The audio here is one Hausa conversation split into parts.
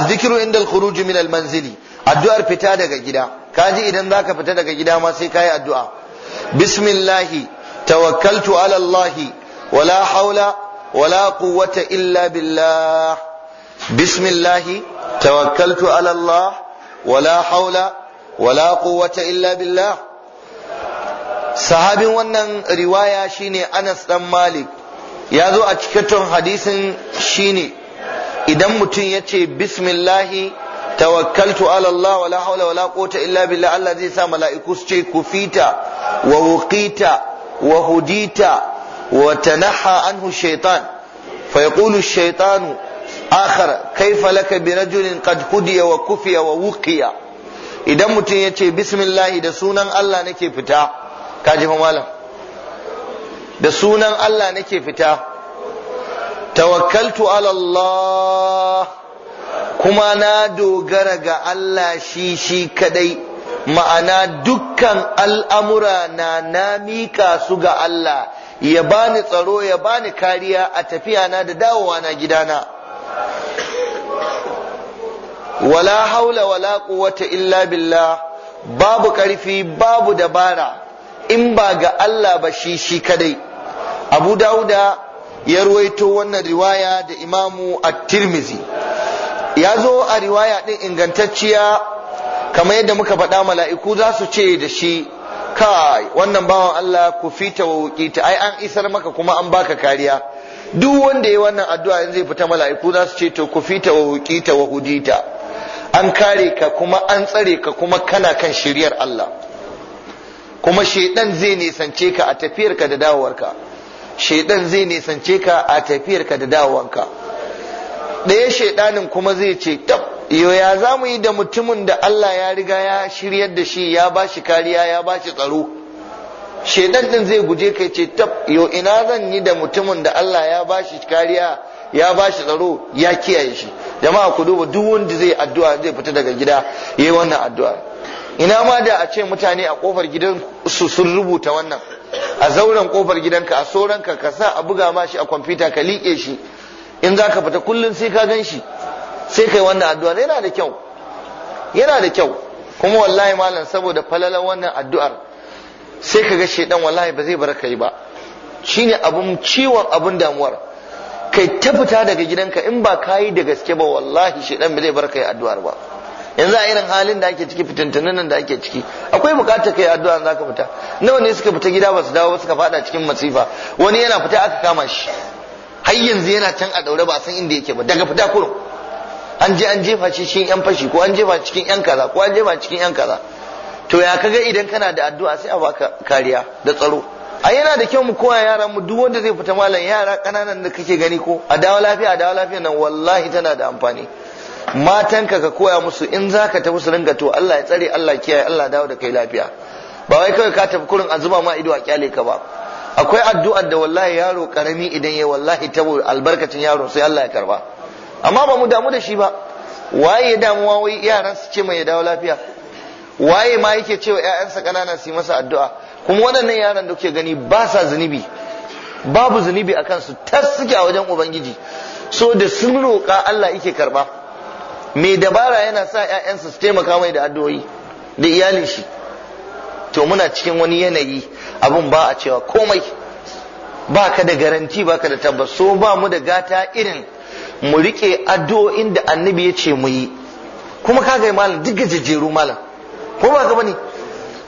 adh-dhikru inda al-khuruj min al-manzili addu'ar fita daga gida kaji idan zaka fita daga gida ma sai kai addu'a bismillah tawakkaltu ala Allah wala haula wala quwwata illa billah bismillah tawakkaltu ala Allah wala haula wala quwwata illa billah sahabin wannan riwaya shine Anas dan Malik ya zo a cikakken hadisin shine idan mutum ya ce bismillahi tawakkaltu ala Allah wala kota quwwata illa billah Allah zai sa mala'iku su ce kufita wa wuqita wa hudita wa tanaha anhu shaytan fa yaqulu ash akhar kayfa laka bi rajulin qad hudiya wa kufiya wa wuqiya idan mutum yace ce da sunan Allah nake fita kaji fa malam da sunan Allah nake fita tawakkaltu ala Allah kuma na dogara ga Allah shi shi kadai ma'ana dukkan al'amura na na mika su ga Allah ya bani tsaro ya bani kariya a tafiya na da dawowa na gidana wala haula wala quwwata illa billah babu karfi babu dabara in ba ga Allah ba shi shi kadai abu dauda ya ruwaito wannan riwaya da imamu at-tirmizi ya zo a riwaya din ingantacciya kamar yadda muka faɗa mala'iku za su ce da shi kai wannan bawan Allah ku fita wukita ai an isar maka kuma an baka kariya duk wanda ya wannan addu'a in zai fita mala'iku za su ce to ku fita wukita wa hudita an kare ka kuma an tsare ka kuma kana kan shiriyar Allah kuma shedan zai nisance ka a tafiyar ka da dawowarka shaidan zai nisance ka a tafiyar ka da dawowanka ɗaya shaidanin kuma zai ce tab ya za mu yi da mutumin da Allah ya riga ya shiryar da shi ya ba shi kariya ya ba shi tsaro shaidan din zai guje ka ce tab yo ina zan yi da mutumin da Allah ya ba shi kariya ya ba shi tsaro ya kiyaye shi jama'a ku duba duk wanda zai addu'a zai fita daga gida yayi wannan addu'a ina ma da a ce mutane a kofar gidan su sun rubuta wannan a zauren kofar gidanka a soranka ka sa a buga ma shi a kwamfuta ka liƙe shi in za ka fita kullum sai ka gan shi sai kai wannan addu'a yana da kyau yana da kyau kuma wallahi malam saboda falalan wannan addu'ar sai ka ga shedan wallahi ba zai bar kai ba shine abun ciwon abun damuwar kai ta fita daga gidanka in ba kayi da gaske ba wallahi shedan ba zai bar kai addu'ar ba yanzu a irin halin da ake ciki fitintunan nan da ake ciki akwai bukatar kai addu'a za ka fita nawa ne suka fita gida ba su dawo ba suka fada cikin masifa wani yana fita aka kama shi har yanzu yana can a daure ba san inda yake ba daga fita kurum an je an jefa shi cikin yan fashi ko an jefa cikin yan kaza ko an jefa cikin yan kaza to ya kaga idan kana da addu'a sai a baka kariya da tsaro a yana da kyau mu koya yara mu duk wanda zai fita malam yara kananan da kake gani ko a dawo lafiya a dawo lafiya nan wallahi tana da amfani matanka ka koya musu in za ka tafi su ringa to Allah ya tsare Allah kiyaye Allah dawo da kai lafiya ba wai kawai ka tafi kurin azuba zuba ma ido a kyale ka ba akwai addu'ar da wallahi yaro karami idan ya wallahi tabo albarkacin yaro sai Allah ya karba amma ba mu damu da shi ba waye ya damuwa wai yaran su ce mai ya dawo lafiya waye ma yake cewa ƴaƴansa kanana su yi masa addu'a kuma waɗannan yaran da kuke gani ba sa zunubi babu zunubi a kansu tas suke a wajen ubangiji so da sun roƙa Allah yake karba mai dabara yana sa 'ya'yansa su taimaka mai da addu'o'i da iyalin shi to muna cikin wani yanayi abun ba a cewa komai ba ka da garanti ba ka da tabbas so ba mu da gata irin mu riƙe addu'o'in da annabi ya ce mu yi kuma ka gai malam duk gajejeru malam ko ba ka bane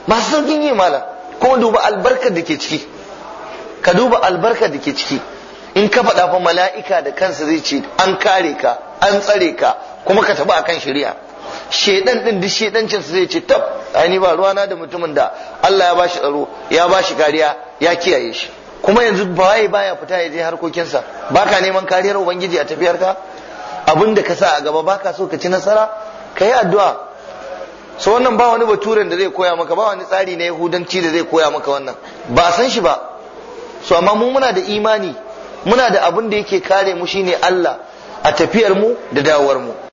masu saukin yi malam kuma duba albarkar da ke ciki ka duba albarkar da ke ciki in ka faɗa fa mala'ika da kansa zai ce an kare ka an tsare ka kuma ka tabi akan shari'a shedan din duk shedancin sa zai ce tab ai ba ruwa na da mutumin da Allah ya bashi tsaro ya bashi kariya ya kiyaye shi kuma yanzu wai baya fita ya je harkokinsa baka neman kariyar ubangiji a tafiyarka ka da ka sa a gaba baka so ka ci nasara ka yi addu'a so wannan ba wani baturen da zai koya maka ba wani tsari na yahudanci da zai koya maka wannan ba san shi ba so amma mu muna da imani muna da abin da yake kare mu shine Allah a tafiyar mu da dawowar mu